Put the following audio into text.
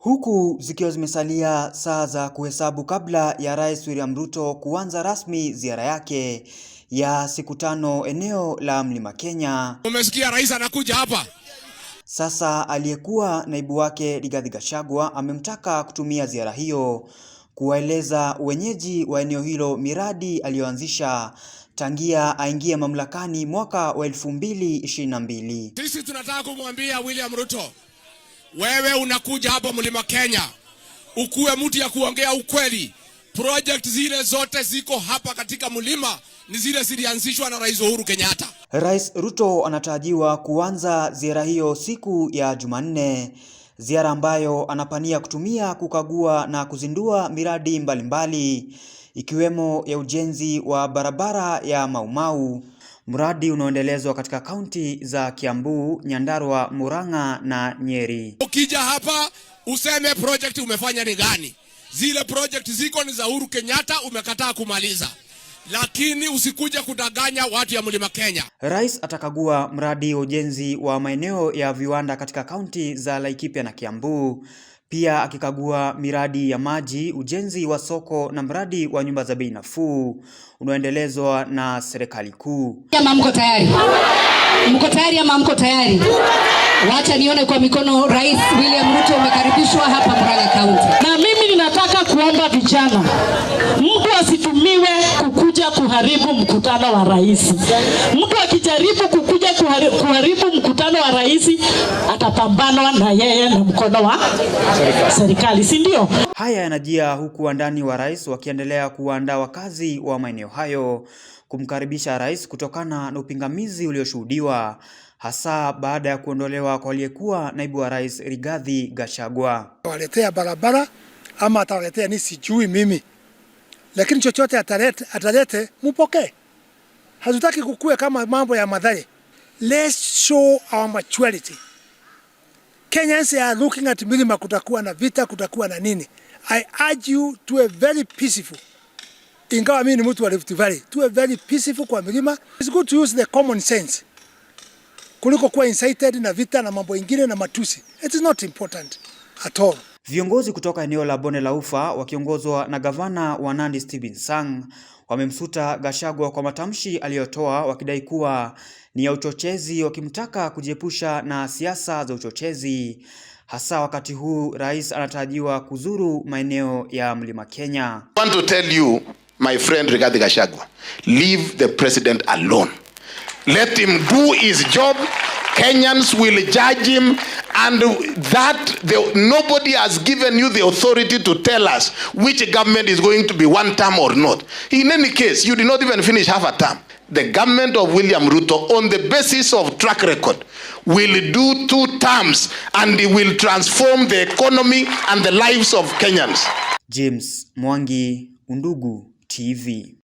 huku zikiwa zimesalia saa za kuhesabu kabla ya Rais William Ruto kuanza rasmi ziara yake ya siku tano eneo la Mlima Kenya. Umesikia rais anakuja hapa. Sasa aliyekuwa naibu wake Rigathi Gachagua amemtaka kutumia ziara hiyo kuwaeleza wenyeji wa eneo hilo miradi aliyoanzisha tangia aingie mamlakani mwaka wa 2022. Sisi tunataka kumwambia William Ruto wewe unakuja hapa mlima Kenya ukuwe mtu ya kuongea ukweli. Project zile zote ziko hapa katika mlima ni zile zilianzishwa na Rais Uhuru Kenyatta. Rais Ruto anatarajiwa kuanza ziara hiyo siku ya Jumanne, ziara ambayo anapania kutumia kukagua na kuzindua miradi mbalimbali mbali, ikiwemo ya ujenzi wa barabara ya Mau Mau Mradi unaoendelezwa katika kaunti za Kiambu, Nyandarua, Murang'a na Nyeri. Ukija hapa useme project umefanya ni gani? Zile project ziko ni za Uhuru Kenyatta, umekataa kumaliza lakini usikuja kudanganya watu ya mlima Kenya. Rais atakagua mradi wa ujenzi wa maeneo ya viwanda katika kaunti za Laikipia na Kiambu pia akikagua miradi ya maji, ujenzi wa soko na mradi wa nyumba za bei nafuu unaoendelezwa na serikali kuu. Mama mko tayari? Mko tayari ama mko tayari? Wacha nione kwa mikono. Rais William Ruto umekaribishwa hapa Murang'a County. Na mimi ninataka kuomba vijana, mtu asitumiwe kukuja kuharibu mkutano wa rais. Mtu akijaribu kukuja kuharibu, kuharibu mkutano mkono wa rais atapambanwa na yeye na mkono wa serikali, si ndio? Haya yanajia huku wandani wa rais wakiendelea kuwaandaa wakazi wa maeneo hayo kumkaribisha rais kutokana na upingamizi ulioshuhudiwa hasa baada ya kuondolewa kwa aliyekuwa naibu wa rais Rigathi Gachagua. Waletea barabara ama atawaletea ni sijui mimi, lakini chochote atalete, atalete mupokee. Hatutaki kukue kama mambo ya madhari. Let's show our maturity. Kenyans are looking at milima, kutakuwa na vita, kutakuwa na nini. I urge you to a very peaceful. Ingawa mimi ni mtu wa Rift Valley, to a very peaceful kwa milima. It's good to use the common sense. Kuliko kuwa incited na vita na mambo ingine na matusi. It is not important at all. Viongozi kutoka eneo la Bonde la Ufa wakiongozwa na Gavana wa Nandi Stephen Sang wamemsuta Gachagua kwa matamshi aliyotoa wakidai kuwa ni ya uchochezi, wakimtaka kujiepusha na siasa za uchochezi, hasa wakati huu rais anatarajiwa kuzuru maeneo ya Mlima Kenya. I want to tell you my friend Rigathi Gachagua, leave the president alone. Let him do his job. Kenyans will judge him and that the, nobody has given you the authority to tell us which government is going to be one term or not. In any case, you did not even finish half a term. The government of William Ruto, on the basis of track record, will do two terms and it will transform the economy and the lives of Kenyans. James Mwangi, Undugu TV.